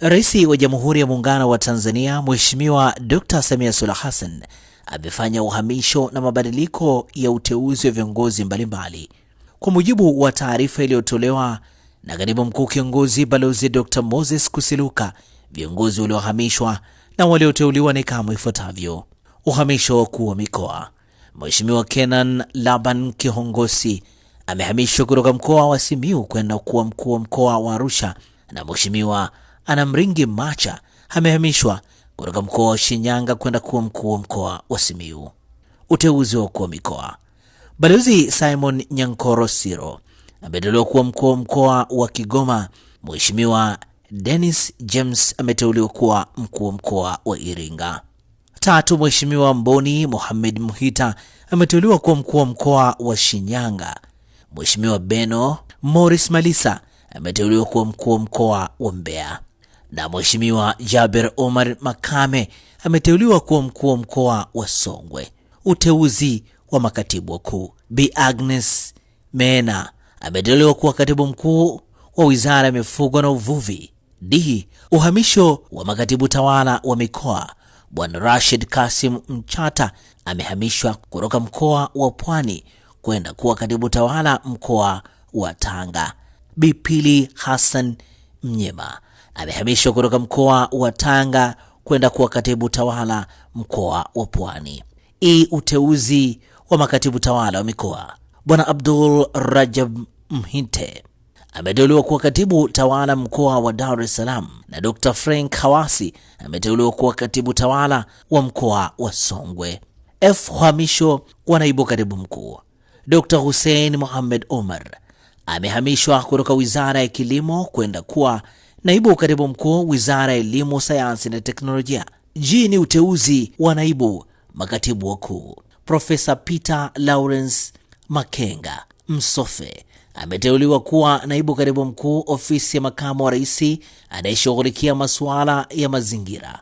Rais wa Jamhuri ya Muungano wa Tanzania Mheshimiwa Dr. Samia Suluhu Hassan amefanya uhamisho na mabadiliko ya uteuzi wa viongozi mbalimbali. Kwa mujibu wa taarifa iliyotolewa na katibu mkuu kiongozi Balozi Dr. Moses Kusiluka, viongozi waliohamishwa na walioteuliwa ni kama ifuatavyo: uhamisho wakuu wa mikoa. Mheshimiwa Kenan Laban Kihongosi amehamishwa kutoka mkoa wa simiu kwenda kuwa mkuu wa mkoa wa Arusha na Mheshimiwa Anamringi Macha amehamishwa kutoka mkoa wa Shinyanga kwenda kuwa mkuu wa mkoa wa simiu Uteuzi wa kuwa wa mikoa. Balozi Simon Nyankoro Siro ameteuliwa kuwa mkuu wa mkoa wa Kigoma. Mheshimiwa Dennis James ameteuliwa kuwa mkuu wa mkoa wa Iringa. Tatu, Mheshimiwa Mboni Mohamed Muhita ameteuliwa kuwa mkuu wa mkoa wa Shinyanga. Mheshimiwa Beno Morris Malisa ameteuliwa kuwa mkuu wa mkoa wa Mbeya na Mheshimiwa Jaber Omar Makame ameteuliwa kuwa mkuu wa mkoa wa Songwe. Uteuzi wa makatibu wakuu. Bi Agnes Mena ameteuliwa kuwa katibu mkuu wa Wizara ya Mifugo na Uvuvi. D. Uhamisho wa makatibu tawala wa mikoa. Bwana Rashid Kasim Mchata amehamishwa kutoka mkoa wa Pwani kwenda kuwa katibu tawala mkoa wa Tanga. Pili Hassan Mnyema amehamishwa kutoka mkoa wa Tanga kwenda kuwa katibu tawala mkoa wa Pwani. i uteuzi wa makatibu tawala wa mikoa. Bwana Abdul Rajab Mhinte ameteuliwa kuwa katibu tawala mkoa wa Dar es Salaam na Dr. Frank Hawasi ameteuliwa kuwa katibu tawala wa mkoa wa Songwe. F uhamisho wa naibu katibu mkuu. Dr. Hussein Mohamed Omar amehamishwa kutoka Wizara ya Kilimo kwenda kuwa Naibu katibu mkuu Wizara ya Elimu, Sayansi na Teknolojia. G ni uteuzi wa naibu makatibu wakuu. Profesa Peter Lawrence Makenga Msofe ameteuliwa kuwa naibu katibu mkuu ofisi ya makamu wa rais anayeshughulikia masuala ya mazingira.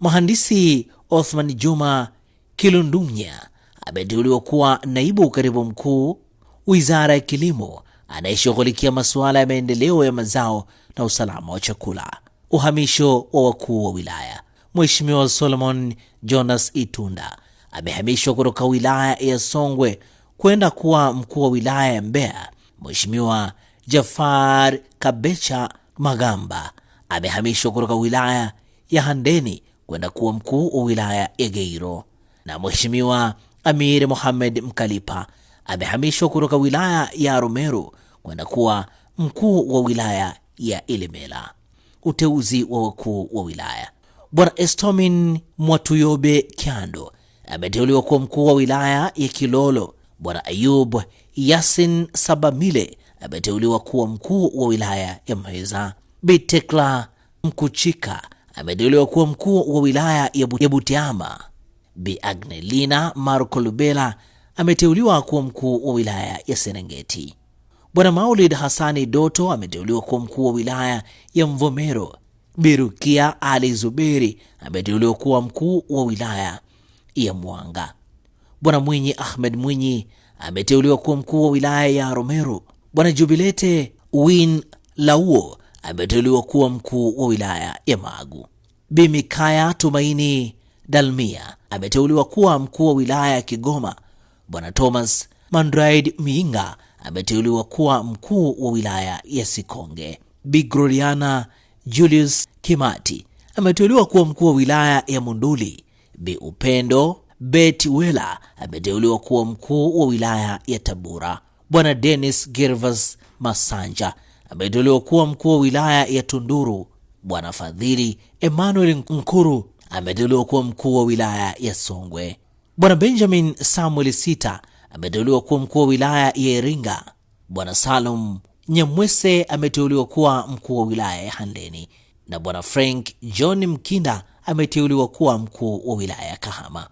Mhandisi Othman Juma Kilundumya ameteuliwa kuwa naibu katibu mkuu Wizara ya Kilimo, anayeshughulikia masuala ya maendeleo ya mazao na usalama wa chakula, uhamisho wa wakuu wa wilaya. Mheshimiwa Solomon Jonas Itunda amehamishwa kutoka wilaya ya Songwe kwenda kuwa mkuu wa wilaya ya Mbeya. Mheshimiwa Jafar Kabecha Magamba amehamishwa kutoka wilaya ya Handeni kwenda kuwa mkuu wa wilaya ya Geiro, na Mheshimiwa Amir Mohamed Mkalipa amehamishwa kutoka wilaya ya Romero kwenda kuwa mkuu wa wilaya ya Ilemela. Uteuzi wa wakuu wa wilaya. Bwana Estomin Mwatuyobe Kyando ameteuliwa kuwa mkuu wa wilaya ya Kilolo. Bwana Ayub Yasin Sabamile ameteuliwa kuwa mkuu wa wilaya ya Mweza. Bitekla Mkuchika ameteuliwa kuwa mkuu wa wilaya ya Butiama. Bi Agnelina Marco Lubela ameteuliwa kuwa mkuu wa wilaya ya Serengeti. Bwana Maulid Hassani Doto ameteuliwa kuwa mkuu wa wilaya ya Mvomero. Birukia Ali Zuberi ameteuliwa kuwa mkuu wa wilaya ya Mwanga. Bwana Mwinyi Ahmed Mwinyi ameteuliwa kuwa mkuu wa wilaya ya Romero. Bwana Jubilete Win Lauo ameteuliwa kuwa mkuu wa wilaya ya Magu. bimikaya Tumaini Dalmia ameteuliwa kuwa mkuu wa wilaya ya Kigoma. Bwana Thomas Mandraid Miinga ameteuliwa kuwa mkuu wa wilaya ya Sikonge. Bi Gloriana Julius Kimati ameteuliwa kuwa mkuu wa wilaya ya Munduli. Bi Upendo Bet Wela ameteuliwa kuwa mkuu wa wilaya ya tabura Bwana Dennis Gervas Masanja ameteuliwa kuwa mkuu wa wilaya ya Tunduru. Bwana Fadhili Emmanuel Nkuru ameteuliwa kuwa mkuu wa wilaya ya Songwe. Bwana Benjamin Samuel Sita ameteuliwa kuwa mkuu wa wilaya ya Iringa. Bwana Salum Nyamwese ameteuliwa kuwa mkuu wa wilaya ya Handeni na Bwana Frank John Mkinda ameteuliwa kuwa mkuu wa wilaya ya Kahama.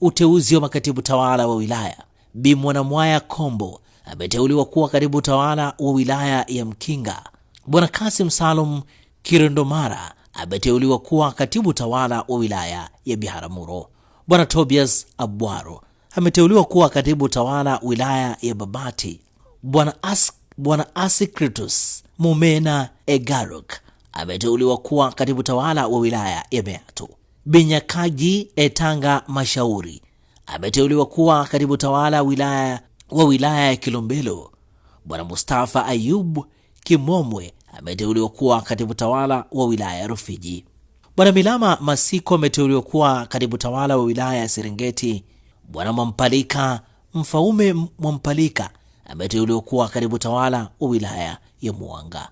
Uteuzi wa makatibu tawala wa wilaya, Bi Mwanamwaya Kombo ameteuliwa kuwa katibu tawala wa wilaya ya Mkinga. Bwana Kasim Salum Kirondomara ameteuliwa kuwa katibu tawala wa wilaya ya Biharamulo. Bwana Tobias Abwaro ameteuliwa kuwa katibu tawala wilaya ya Babati. Bwana As, Bwana Asikritus Mumena Egarok ameteuliwa kuwa katibu tawala wa wilaya ya Meatu. Binyakaji Etanga Mashauri ameteuliwa kuwa katibu tawala wilaya wa wilaya ya Kilombero. Bwana Mustafa Ayub Kimomwe ameteuliwa kuwa katibu tawala wa wilaya ya Rufiji. Bwana Milama Masiko ameteuliwa kuwa katibu tawala wa wilaya ya Serengeti. Bwana Mwampalika Mfaume Mwampalika ameteuliwa kuwa katibu tawala wa wilaya ya Mwanga.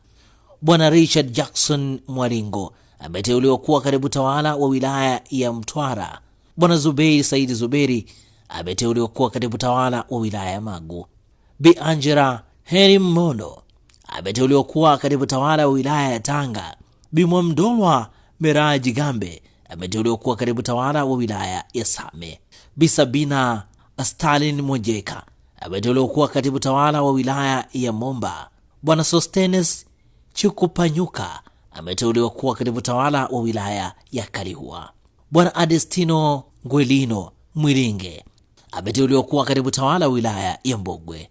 Bwana Richard Jackson Mwaringo ameteuliwa kuwa katibu tawala wa wilaya ya Mtwara. Bwana Zuberi Saidi Zuberi ameteuliwa kuwa katibu tawala wa wilaya ya Magu. Bi Angela Heri Mmono ameteuliwa kuwa katibu tawala wa wilaya ya Tanga. Bi Mwamdolwa meraji gambe ameteuliwa kuwa katibu tawala wa wilaya ya Same. Bi Sabina Stalin Mwejeka ameteuliwa kuwa katibu tawala wa wilaya ya Momba. Bwana Sostenes Chikupanyuka ameteuliwa kuwa katibu tawala wa wilaya ya kalihua Bwana Adestino Ngwelino Mwilinge ameteuliwa kuwa katibu tawala wa wilaya ya Mbogwe.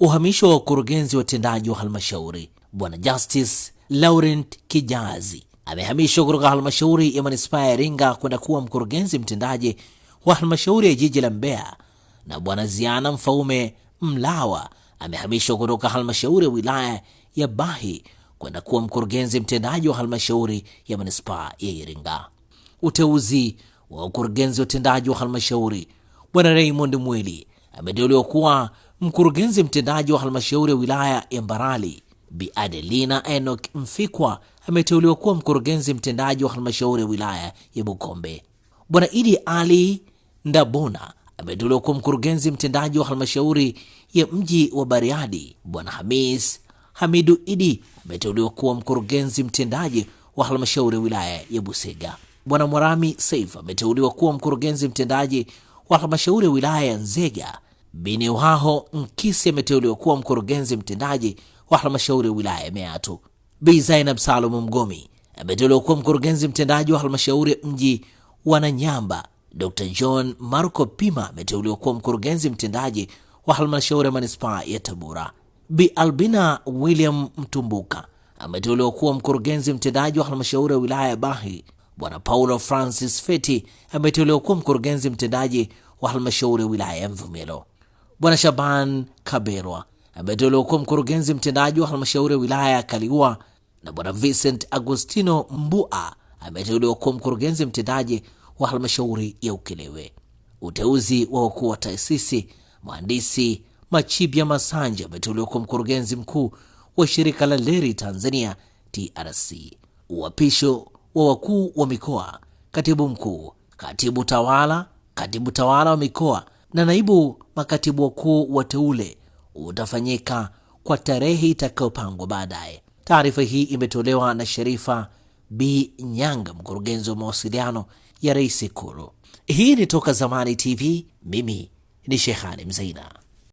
Uhamisho wa wa utendaji wa halmashauri. Bwana Justice Laurent Kijazi amehamishwa kutoka halmashauri ya manispaa ya Iringa kwenda kuwa mkurugenzi mtendaji wa halmashauri ya jiji la Mbeya, na Bwana Ziana Mfaume Mlawa amehamishwa kutoka halmashauri ya wilaya ya Bahi kwenda kuwa mkurugenzi mtendaji wa halmashauri ya manispaa ya Iringa. Uteuzi wa ukurugenzi utendaji wa halmashauri, Bwana Raymond Mweli ameteuliwa kuwa mkurugenzi mtendaji wa halmashauri ya wilaya ya Mbarali Bi Adelina Enoch Mfikwa ameteuliwa kuwa mkurugenzi mtendaji wa halmashauri ya wilaya ya Bukombe. Bwana Idi Ali Ndabona ameteuliwa kuwa mkurugenzi mtendaji wa halmashauri ya mji wa Bariadi. Bwana Hamis Hamidu Idi ameteuliwa kuwa mkurugenzi mtendaji wa halmashauri ya wilaya ya Busega. Bwana Mwarami Saif ameteuliwa kuwa mkurugenzi mtendaji wa halmashauri ya wilaya ya Nzega. Uhaho Nkisi ameteuliwa kuwa mkurugenzi mtendaji wa halmashauri ya wilaya ya Meatu. Bi Zainab Salum Mgomi ameteuliwa kuwa mkurugenzi mtendaji wa halmashauri ya mji wa Nanyamba. Dr John Marco Pima ameteuliwa kuwa mkurugenzi mtendaji wa halmashauri ya manispaa ya Tabora. Bi Albina William Mtumbuka ameteuliwa kuwa mkurugenzi mtendaji wa halmashauri ya wilaya ya Bahi. Bwana Paulo Francis Feti ameteuliwa kuwa mkurugenzi mtendaji wa halmashauri ya wilaya ya Mvumelo. Bwana Shaban Kaberwa ambaye ndio aliokuwa mkurugenzi mtendaji wa halmashauri ya wilaya ya Kaliua na bwana Vincent Agostino Mbua ameteuliwa kuwa mkurugenzi mtendaji wa halmashauri ya ukelewe Uteuzi wa wakuu wa taasisi, mhandisi machibia Masanja ameteuliwa kuwa mkurugenzi mkuu wa shirika la leri Tanzania TRC. Uapisho wa wakuu wa mikoa, katibu mkuu, katibu tawala, katibu tawala wa mikoa na naibu makatibu wakuu wateule utafanyika kwa tarehe itakayopangwa baadaye. Taarifa hii imetolewa na Sherifa B Nyanga, mkurugenzi wa mawasiliano ya rais Ikulu. Hii ni Toka Zamani TV. Mimi ni Shehani Mzaina.